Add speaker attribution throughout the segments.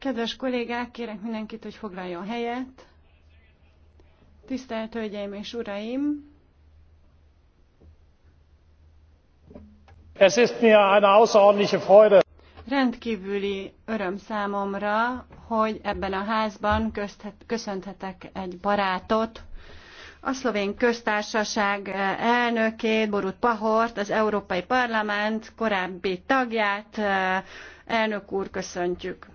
Speaker 1: Kedves kollégák, kérek mindenkit, hogy foglaljon helyet. Tisztelt Hölgyeim és Uraim! Es ist mir eine außerordentliche Freude. Rendkívüli öröm számomra, hogy ebben a házban köszönhetek egy barátot, a szlovén köztársaság elnökét, Borut Pahort, az Európai Parlament korábbi tagját. Elnök úr, köszöntjük!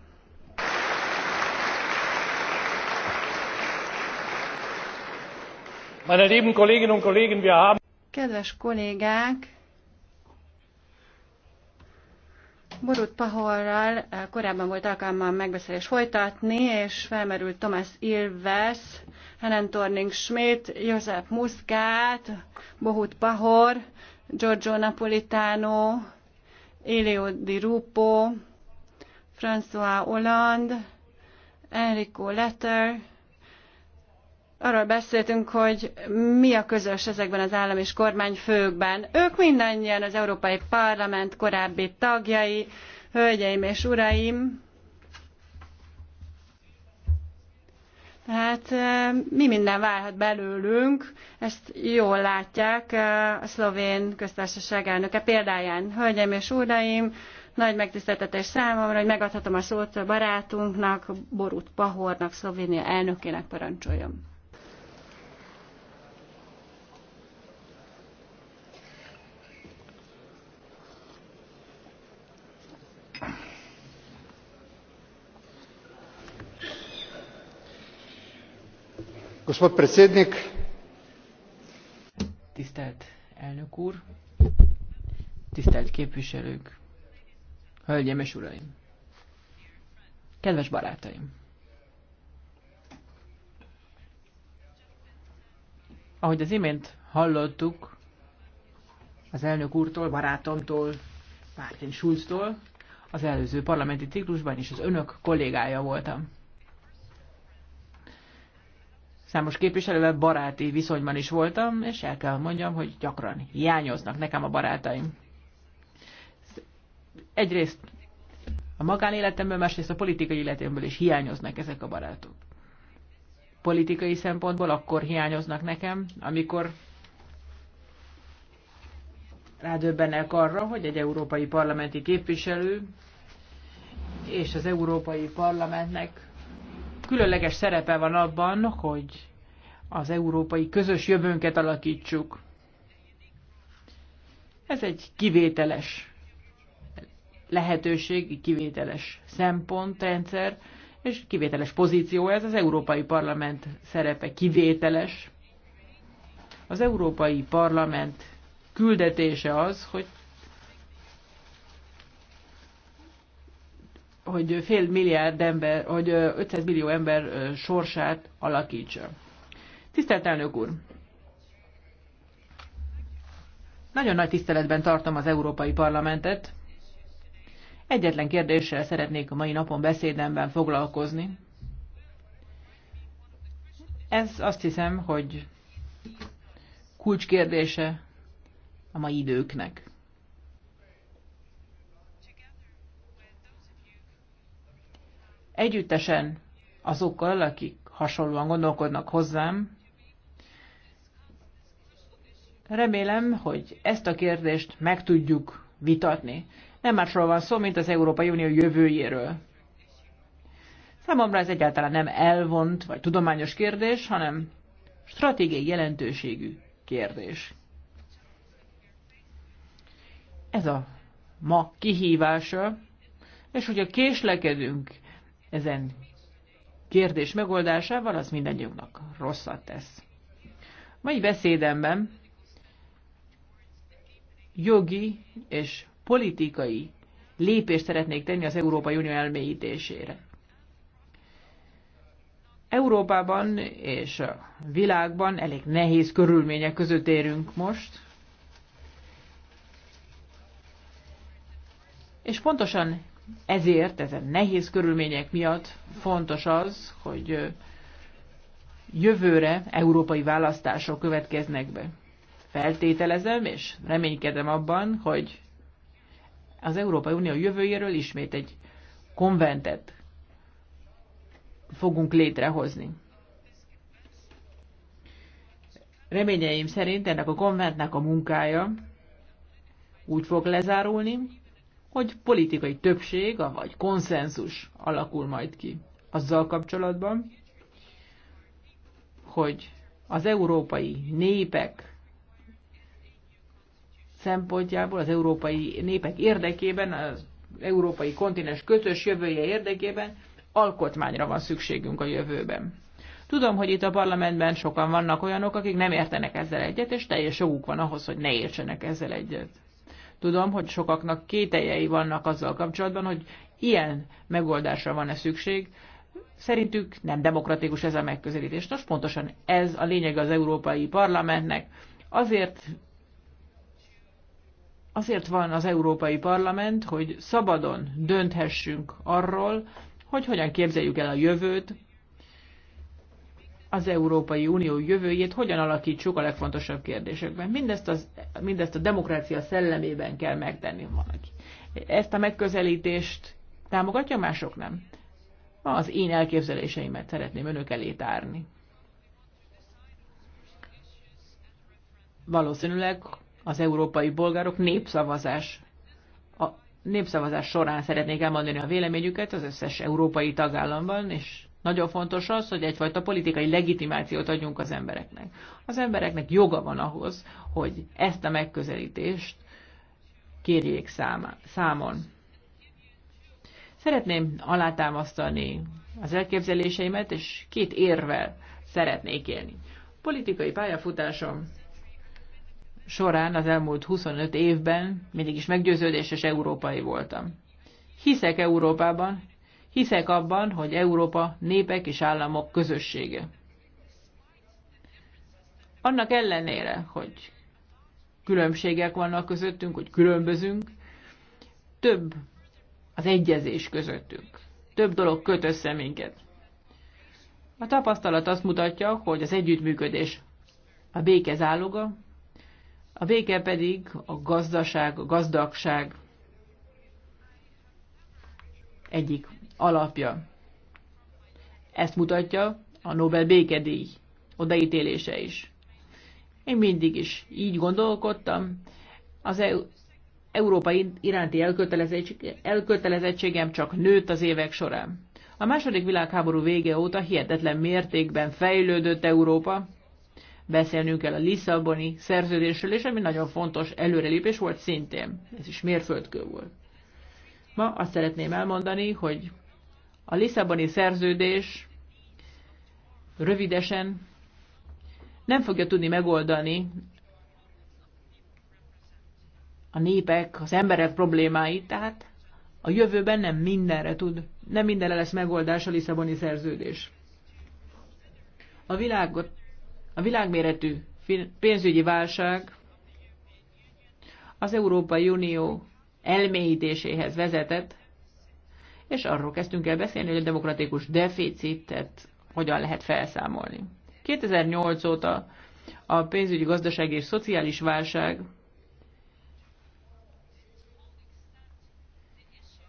Speaker 1: Meine lieben Kolleginnen und Kollegen, wir haben Kedves kollégák, Borut Pahorral eh, korábban volt alkalmam megbeszélés folytatni, és felmerült Thomas Ilves, Helen Torning Schmidt, József Muszkát, Bohut Pahor, Giorgio Napolitano, Elio Di Rupo, François Hollande, Enrico Letter, arról beszéltünk, hogy mi a közös ezekben az állam és kormányfőkben. Ők mindannyian az Európai Parlament korábbi tagjai, hölgyeim és uraim. Tehát mi minden várhat belőlünk, ezt jól látják a szlovén köztársaság elnöke példáján. Hölgyeim és uraim, nagy megtiszteltetés számomra, hogy megadhatom a szót a barátunknak, Borut Pahornak, Szlovénia elnökének parancsoljon.
Speaker 2: gospod predsednik tisztelt elnök úr tisztelt képviselők hölgyeim és uraim kedves barátaim ahogy az imént hallottuk az elnök úrtól barátomtól Martin Schulztól az előző parlamenti ciklusban is az önök kollégája voltam számos képviselővel baráti viszonyban is voltam, és el kell mondjam, hogy gyakran hiányoznak nekem a barátaim. Egyrészt a magánéletemből, másrészt a politikai életemből is hiányoznak ezek a barátok. Politikai szempontból akkor hiányoznak nekem, amikor rádöbbenek arra, hogy egy európai parlamenti képviselő és az európai parlamentnek különleges szerepe van abban, hogy az európai közös jövőnket alakítsuk. Ez egy kivételes lehetőség, kivételes szempontrendszer, és kivételes pozíció ez, az Európai Parlament szerepe kivételes. Az Európai Parlament küldetése az, hogy hogy fél milliárd ember, hogy 500 millió ember sorsát alakítsa. Tisztelt elnök úr! Nagyon nagy tiszteletben tartom az Európai Parlamentet. Egyetlen kérdéssel szeretnék a mai napon beszédemben foglalkozni. Ez azt hiszem, hogy kulcskérdése a mai időknek. együttesen azokkal, akik hasonlóan gondolkodnak hozzám. Remélem, hogy ezt a kérdést meg tudjuk vitatni. Nem másról van szó, mint az Európai Unió jövőjéről. Számomra ez egyáltalán nem elvont vagy tudományos kérdés, hanem stratégiai jelentőségű kérdés. Ez a ma kihívása, és hogyha késlekedünk ezen kérdés megoldásával, az mindannyiunknak rosszat tesz. Mai beszédemben jogi és politikai lépést szeretnék tenni az Európai Unió elmélyítésére. Európában és a világban elég nehéz körülmények között érünk most, és pontosan ezért, ezen nehéz körülmények miatt fontos az, hogy jövőre európai választások következnek be. Feltételezem és reménykedem abban, hogy az Európai Unió jövőjéről ismét egy konventet fogunk létrehozni. Reményeim szerint ennek a konventnek a munkája úgy fog lezárulni, hogy politikai többség, vagy konszenzus alakul majd ki azzal kapcsolatban, hogy az európai népek szempontjából, az európai népek érdekében, az európai kontinens közös jövője érdekében alkotmányra van szükségünk a jövőben. Tudom, hogy itt a parlamentben sokan vannak olyanok, akik nem értenek ezzel egyet, és teljes joguk van ahhoz, hogy ne értsenek ezzel egyet. Tudom, hogy sokaknak kételjei vannak azzal kapcsolatban, hogy ilyen megoldásra van-e szükség. Szerintük nem demokratikus ez a megközelítés. Nos, pontosan ez a lényeg az Európai Parlamentnek. Azért Azért van az Európai Parlament, hogy szabadon dönthessünk arról, hogy hogyan képzeljük el a jövőt, az Európai Unió jövőjét hogyan alakítsuk a legfontosabb kérdésekben. Mindezt, az, mindezt a demokrácia szellemében kell megtenni valaki. Ezt a megközelítést támogatja, mások nem. Ma Az én elképzeléseimet szeretném önök elé tárni. Valószínűleg az európai bolgárok népszavazás a népszavazás során szeretnék elmondani a véleményüket az összes európai tagállamban, és nagyon fontos az, hogy egyfajta politikai legitimációt adjunk az embereknek. Az embereknek joga van ahhoz, hogy ezt a megközelítést kérjék számon. Szeretném alátámasztani az elképzeléseimet, és két érvel szeretnék élni. Politikai pályafutásom során az elmúlt 25 évben mindig is meggyőződéses európai voltam. Hiszek Európában, Hiszek abban, hogy Európa népek és államok közössége. Annak ellenére, hogy különbségek vannak közöttünk, hogy különbözünk, több az egyezés közöttünk. Több dolog köt össze minket. A tapasztalat azt mutatja, hogy az együttműködés a béke záloga, a béke pedig a gazdaság, a gazdagság egyik alapja. Ezt mutatja a Nobel békedíj odaítélése is. Én mindig is így gondolkodtam. Az EU, európai iránti elkötelezettségem csak nőtt az évek során. A második világháború vége óta hihetetlen mértékben fejlődött Európa. Beszélnünk kell a Lisszaboni szerződésről, és ami nagyon fontos előrelépés volt szintén. Ez is mérföldkő volt. Ma azt szeretném elmondani, hogy a Lisszaboni szerződés rövidesen nem fogja tudni megoldani a népek, az emberek problémáit, tehát a jövőben nem mindenre tud, nem mindenre lesz megoldás a Lisszaboni szerződés. A, világot, a világméretű pénzügyi válság az Európai Unió elmélyítéséhez vezetett, és arról kezdtünk el beszélni, hogy a demokratikus deficitet hogyan lehet felszámolni. 2008 óta a pénzügyi, gazdaság és szociális válság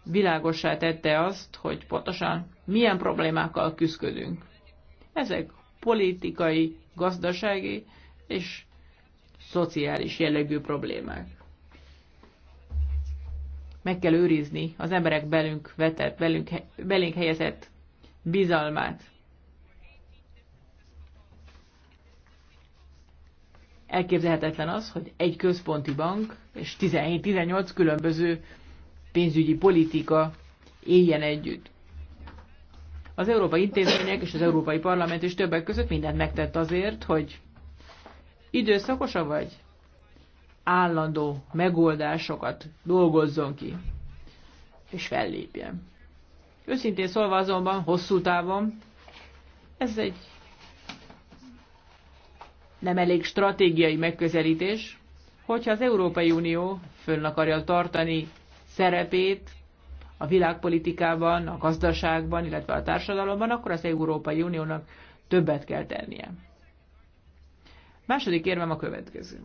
Speaker 2: világossá tette azt, hogy pontosan milyen problémákkal küzdködünk. Ezek politikai, gazdasági és szociális jellegű problémák meg kell őrizni az emberek belünk vetett, belünk, belénk helyezett bizalmát. Elképzelhetetlen az, hogy egy központi bank és 17-18 különböző pénzügyi politika éljen együtt. Az európai intézmények és az európai parlament is többek között mindent megtett azért, hogy időszakosa vagy állandó megoldásokat dolgozzon ki, és fellépjen. Őszintén szólva azonban, hosszú távon, ez egy nem elég stratégiai megközelítés, hogyha az Európai Unió fönn akarja tartani szerepét a világpolitikában, a gazdaságban, illetve a társadalomban, akkor az Európai Uniónak többet kell tennie. Második érvem a következő.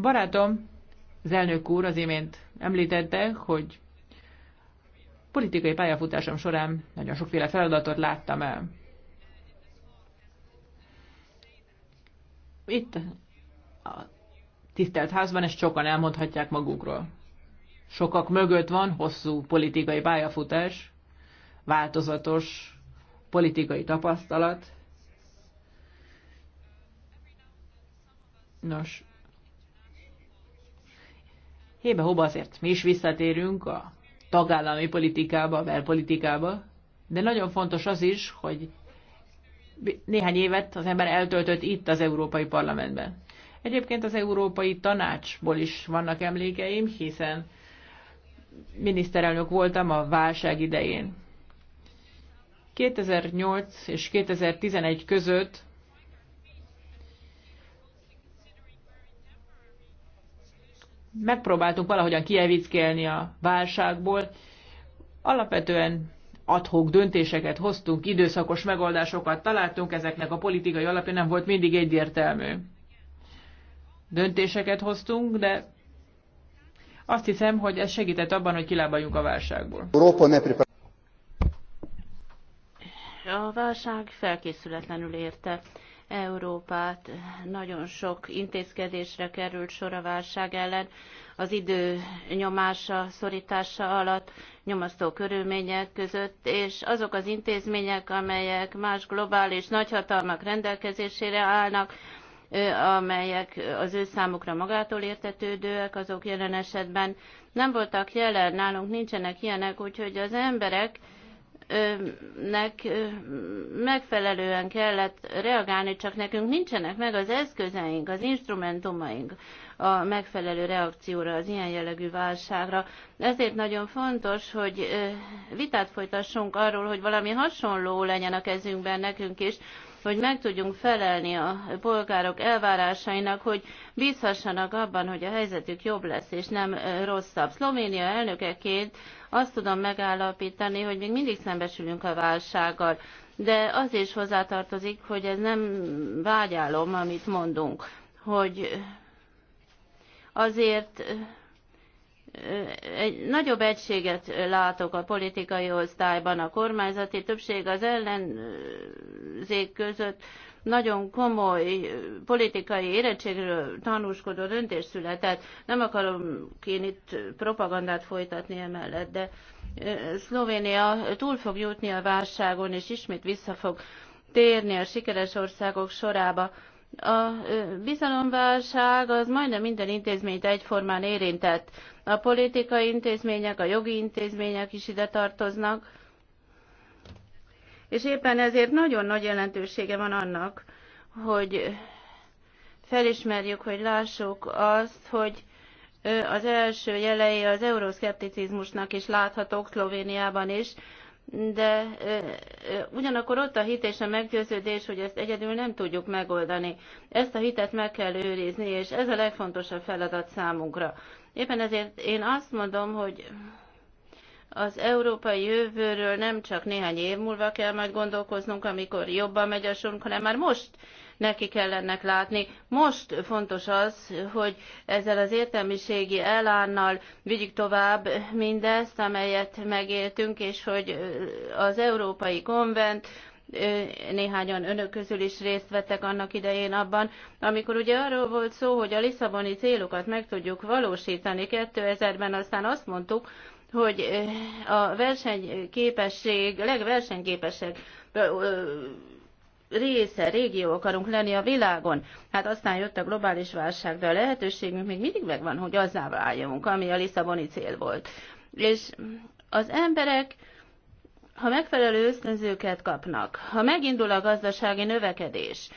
Speaker 2: Barátom, az elnök úr az imént említette, hogy politikai pályafutásom során nagyon sokféle feladatot láttam el. Itt a tisztelt házban ezt sokan elmondhatják magukról. Sokak mögött van hosszú politikai pályafutás, változatos politikai tapasztalat. Nos, Hébe-hóba azért mi is visszatérünk a tagállami politikába, a belpolitikába, de nagyon fontos az is, hogy néhány évet az ember eltöltött itt az Európai Parlamentben. Egyébként az Európai Tanácsból is vannak emlékeim, hiszen miniszterelnök voltam a válság idején. 2008 és 2011 között megpróbáltunk valahogyan kievickelni a válságból. Alapvetően adhok döntéseket hoztunk, időszakos megoldásokat találtunk, ezeknek a politikai alapja nem volt mindig egyértelmű. Döntéseket hoztunk, de azt hiszem, hogy ez segített abban, hogy kilábaljunk a válságból.
Speaker 3: A válság felkészületlenül érte. Európát. Nagyon sok intézkedésre került sor a válság ellen. Az idő nyomása, szorítása alatt, nyomasztó körülmények között, és azok az intézmények, amelyek más globális nagyhatalmak rendelkezésére állnak, amelyek az ő számukra magától értetődőek, azok jelen esetben nem voltak jelen, nálunk nincsenek ilyenek, úgyhogy az emberek nek megfelelően kellett reagálni, csak nekünk nincsenek meg az eszközeink, az instrumentumaink a megfelelő reakcióra az ilyen jellegű válságra. Ezért nagyon fontos, hogy vitát folytassunk arról, hogy valami hasonló legyen a kezünkben nekünk is, hogy meg tudjunk felelni a polgárok elvárásainak, hogy bízhassanak abban, hogy a helyzetük jobb lesz és nem rosszabb. Szlovénia elnökeként azt tudom megállapítani, hogy még mindig szembesülünk a válsággal, de az is hozzátartozik, hogy ez nem vágyálom, amit mondunk, hogy azért egy nagyobb egységet látok a politikai osztályban, a kormányzati többség az ellenzék között nagyon komoly politikai érettségről tanúskodó döntés született. Nem akarom én itt propagandát folytatni emellett, de Szlovénia túl fog jutni a válságon, és ismét vissza fog térni a sikeres országok sorába a bizalomválság az majdnem minden intézményt egyformán érintett. A politikai intézmények, a jogi intézmények is ide tartoznak, és éppen ezért nagyon nagy jelentősége van annak, hogy felismerjük, hogy lássuk azt, hogy az első jelei az euroszkepticizmusnak is láthatók Szlovéniában is, de ugyanakkor ott a hit és a meggyőződés, hogy ezt egyedül nem tudjuk megoldani. Ezt a hitet meg kell őrizni, és ez a legfontosabb feladat számunkra. Éppen ezért én azt mondom, hogy az európai jövőről nem csak néhány év múlva kell majd gondolkoznunk, amikor jobban megy a sorunk, hanem már most neki kell ennek látni. Most fontos az, hogy ezzel az értelmiségi elánnal vigyük tovább mindezt, amelyet megéltünk, és hogy az Európai Konvent, néhányan önök közül is részt vettek annak idején abban, amikor ugye arról volt szó, hogy a Lisszaboni célokat meg tudjuk valósítani 2000-ben, aztán azt mondtuk, hogy a versenyképesség, legversenyképesebb része, régió akarunk lenni a világon. Hát aztán jött a globális válság, de a lehetőségünk még mindig megvan, hogy azzá váljunk, ami a Lisszaboni cél volt. És az emberek ha megfelelő ösztönzőket kapnak, ha megindul a gazdasági növekedés,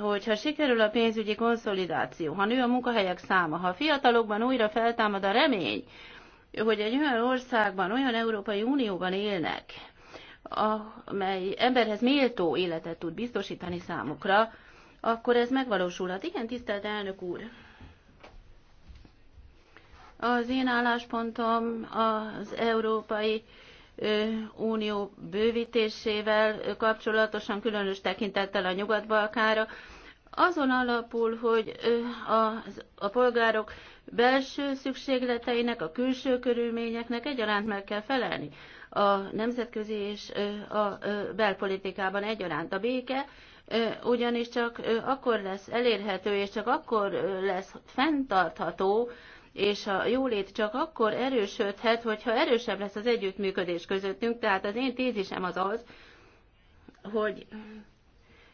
Speaker 3: hogyha sikerül a pénzügyi konszolidáció, ha nő a munkahelyek száma, ha a fiatalokban újra feltámad a remény, hogy egy olyan országban, olyan Európai Unióban élnek, amely emberhez méltó életet tud biztosítani számukra, akkor ez megvalósulhat. Igen, tisztelt elnök úr! Az én álláspontom az Európai Unió bővítésével kapcsolatosan, különös tekintettel a Nyugat-Balkára, azon alapul, hogy a, a polgárok belső szükségleteinek, a külső körülményeknek egyaránt meg kell felelni a nemzetközi és a belpolitikában egyaránt a béke, ugyanis csak akkor lesz elérhető, és csak akkor lesz fenntartható, és a jólét csak akkor erősödhet, hogyha erősebb lesz az együttműködés közöttünk. Tehát az én tézisem az az, hogy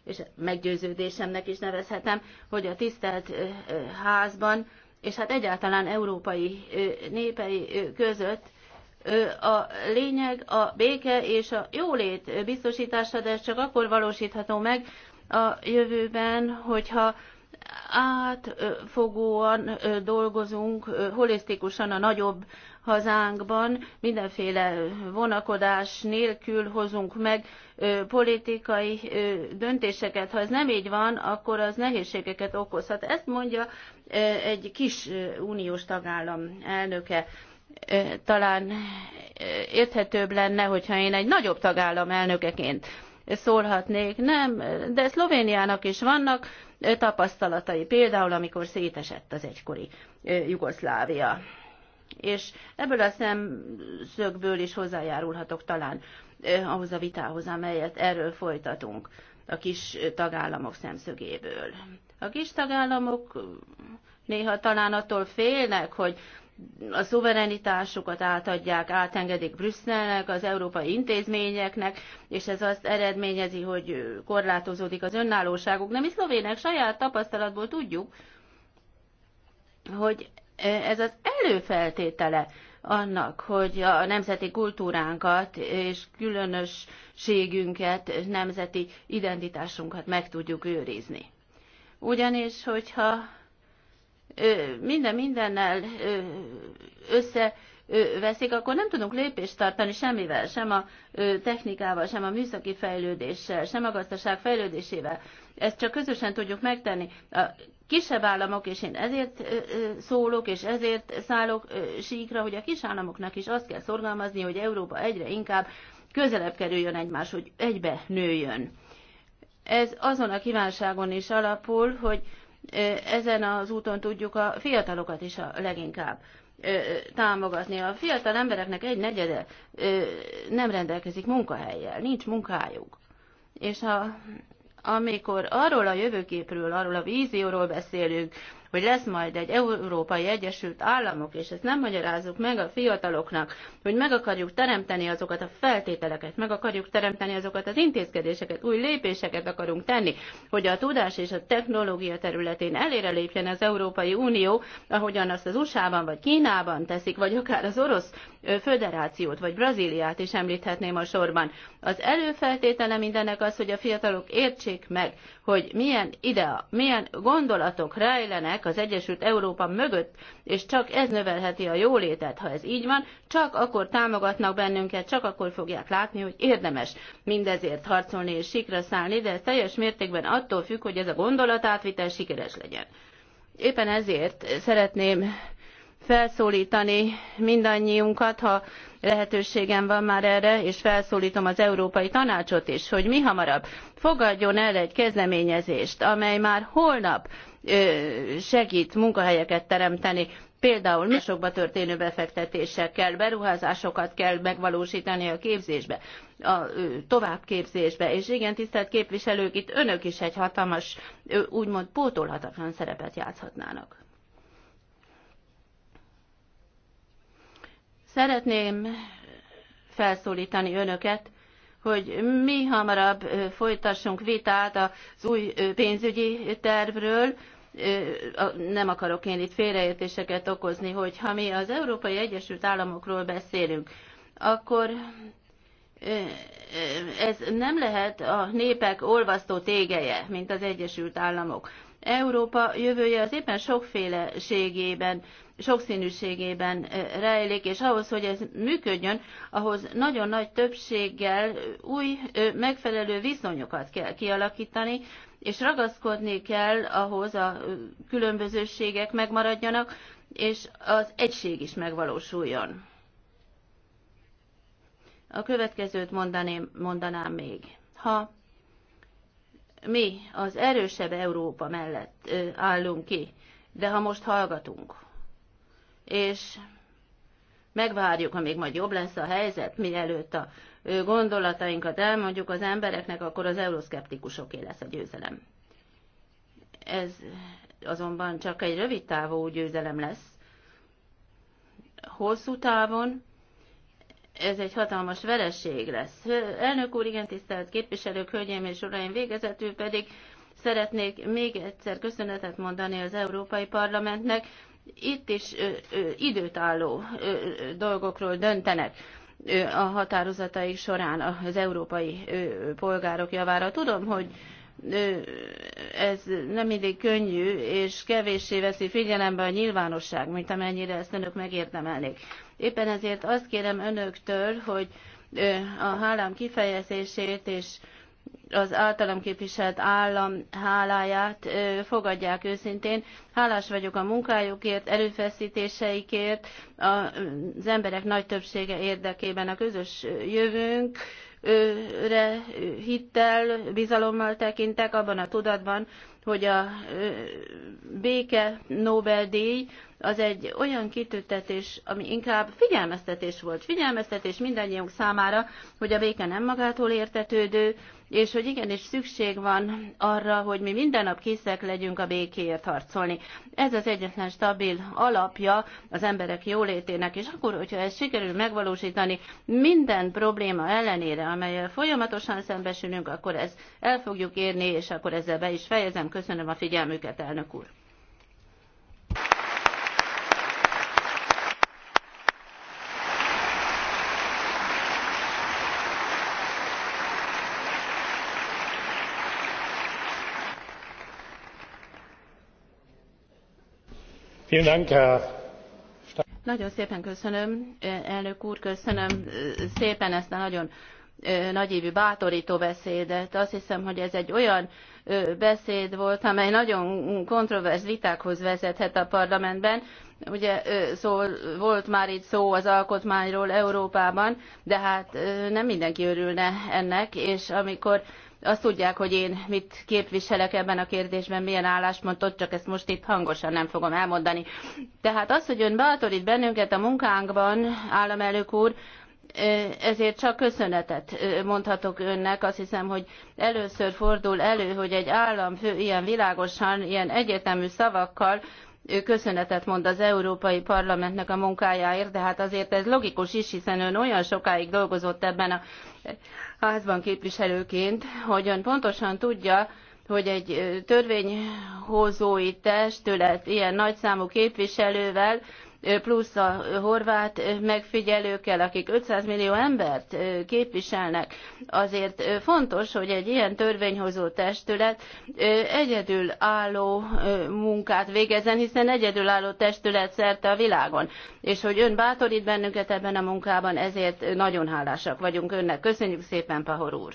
Speaker 3: és meggyőződésemnek is nevezhetem, hogy a tisztelt házban, és hát egyáltalán európai népei között a lényeg a béke és a jólét biztosítása, de ez csak akkor valósítható meg a jövőben, hogyha átfogóan dolgozunk holisztikusan a nagyobb hazánkban, mindenféle vonakodás nélkül hozunk meg politikai döntéseket. Ha ez nem így van, akkor az nehézségeket okozhat. Ezt mondja egy kis uniós tagállam elnöke talán érthetőbb lenne, hogyha én egy nagyobb tagállam elnökeként szólhatnék. Nem, de Szlovéniának is vannak tapasztalatai, például amikor szétesett az egykori Jugoszlávia. És ebből a szemszögből is hozzájárulhatok talán ahhoz a vitához, amelyet erről folytatunk a kis tagállamok szemszögéből. A kis tagállamok néha talán attól félnek, hogy a szuverenitásukat átadják, átengedik Brüsszelnek, az európai intézményeknek, és ez azt eredményezi, hogy korlátozódik az önállóságuk. Nem is szlovének saját tapasztalatból tudjuk, hogy ez az előfeltétele annak, hogy a nemzeti kultúránkat és különösségünket, nemzeti identitásunkat meg tudjuk őrizni. Ugyanis, hogyha minden mindennel össze veszik, akkor nem tudunk lépést tartani semmivel, sem a technikával, sem a műszaki fejlődéssel, sem a gazdaság fejlődésével. Ezt csak közösen tudjuk megtenni. A kisebb államok, és én ezért szólok, és ezért szállok síkra, hogy a kis államoknak is azt kell szorgalmazni, hogy Európa egyre inkább közelebb kerüljön egymás, hogy egybe nőjön. Ez azon a kívánságon is alapul, hogy ezen az úton tudjuk a fiatalokat is a leginkább támogatni. A fiatal embereknek egy negyede nem rendelkezik munkahelyjel, nincs munkájuk. És ha amikor arról a jövőképről, arról a vízióról beszélünk, hogy lesz majd egy Európai Egyesült Államok, és ezt nem magyarázzuk meg a fiataloknak, hogy meg akarjuk teremteni azokat a feltételeket, meg akarjuk teremteni azokat az intézkedéseket, új lépéseket akarunk tenni, hogy a tudás és a technológia területén elére lépjen az Európai Unió, ahogyan azt az USA-ban vagy Kínában teszik, vagy akár az Orosz Föderációt vagy Brazíliát is említhetném a sorban. Az előfeltétele mindennek az, hogy a fiatalok értsék meg, hogy milyen idea, milyen gondolatok rejlenek állnak az Egyesült Európa mögött, és csak ez növelheti a jólétet. Ha ez így van, csak akkor támogatnak bennünket, csak akkor fogják látni, hogy érdemes mindezért harcolni és sikra szállni, de ez teljes mértékben attól függ, hogy ez a gondolatátvitel sikeres legyen. Éppen ezért szeretném felszólítani mindannyiunkat, ha lehetőségem van már erre, és felszólítom az Európai Tanácsot is, hogy mi hamarabb fogadjon el egy kezdeményezést, amely már holnap segít munkahelyeket teremteni, például másokba történő befektetésekkel, beruházásokat kell megvalóstani a képzésbe, a továbbképzésbe, és igen, tisztelt képviselők, itt önök is egy hatalmas, úgymond pótolhatatlan szerepet játszhatnának. Szeretném felszólítani önöket, hogy mi hamarabb folytassunk vitát az új pénzügyi tervről. Nem akarok én itt félreértéseket okozni, hogy ha mi az Európai Egyesült Államokról beszélünk, akkor ez nem lehet a népek olvasztó tégeje, mint az Egyesült Államok. Európa jövője az éppen sokféleségében, sokszínűségében rejlik, és ahhoz, hogy ez működjön, ahhoz nagyon nagy többséggel új megfelelő viszonyokat kell kialakítani, és ragaszkodni kell ahhoz a különbözőségek megmaradjanak, és az egység is megvalósuljon. A következőt mondaném, mondanám még. Ha mi az erősebb Európa mellett állunk ki, de ha most hallgatunk, és megvárjuk, amíg majd jobb lesz a helyzet, mielőtt a gondolatainkat elmondjuk az embereknek, akkor az euroszkeptikusoké lesz a győzelem. Ez azonban csak egy rövid távú győzelem lesz. Hosszú távon ez egy hatalmas vereség lesz. Elnök úr, igen tisztelt képviselők, hölgyeim és uraim, végezetül pedig szeretnék még egyszer köszönetet mondani az Európai Parlamentnek. Itt is ö, ö, időtálló ö, dolgokról döntenek a határozataik során az európai polgárok javára. Tudom, hogy ez nem mindig könnyű, és kevéssé veszi figyelembe a nyilvánosság, mint amennyire ezt önök megérdemelnék. Éppen ezért azt kérem önöktől, hogy a hálám kifejezését és az általam képviselt állam háláját fogadják őszintén. Hálás vagyok a munkájukért, erőfeszítéseikért, az emberek nagy többsége érdekében a közös jövőnk, re hittel, bizalommal tekintek abban a tudatban, hogy a béke Nobel-díj az egy olyan kitüttetés, ami inkább figyelmeztetés volt. Figyelmeztetés mindannyiunk számára, hogy a béke nem magától értetődő, és hogy igenis szükség van arra, hogy mi minden nap készek legyünk a békéért harcolni. Ez az egyetlen stabil alapja az emberek jólétének, és akkor, hogyha ezt sikerül megvalósítani minden probléma ellenére, amelyel folyamatosan szembesülünk, akkor ezt el fogjuk érni, és akkor ezzel be is fejezem. Köszönöm a figyelmüket, elnök úr. Nagyon szépen köszönöm, elnök úr, köszönöm szépen ezt a nagyon nagyívű bátortó beszédet. Azt hiszem, hogy ez egy olyan beszéd volt, amely nagyon kontroverz vitákhoz vezethet a parlamentben. Ugye szó, volt már itt szó az alkotmányról Európában, de hát nem mindenki örülne ennek, és amikor azt tudják, hogy én mit képviselek ebben a kérdésben, milyen álláspontot, csak ezt most itt hangosan nem fogom elmondani. Tehát az, hogy ön bátorít bennünket a munkánkban, államelnök úr, ezért csak köszönetet mondhatok önnek. Azt hiszem, hogy először fordul elő, hogy egy államfő ilyen világosan, ilyen egyetemű szavakkal ő köszönetet mond az Európai Parlamentnek a munkájáért, de hát azért ez logikus is, hiszen ön olyan sokáig dolgozott ebben a házban képviselőként, hogy ön pontosan tudja, hogy egy törvényhozói testület ilyen nagyszámú képviselővel plusz a horvát megfigyelőkkel, akik 500 millió embert képviselnek. Azért fontos, hogy egy ilyen törvényhozó testület egyedül álló munkát végezzen, hiszen egyedülálló testület szerte a világon. És hogy ön bátorít bennünket ebben a munkában, ezért nagyon hálásak vagyunk önnek. Köszönjük szépen, Pahor úr!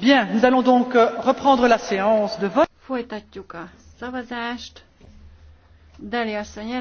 Speaker 1: Bien, nous allons donc euh, reprendre la séance de vote. Folytatjuk a szavazást. Deli asszony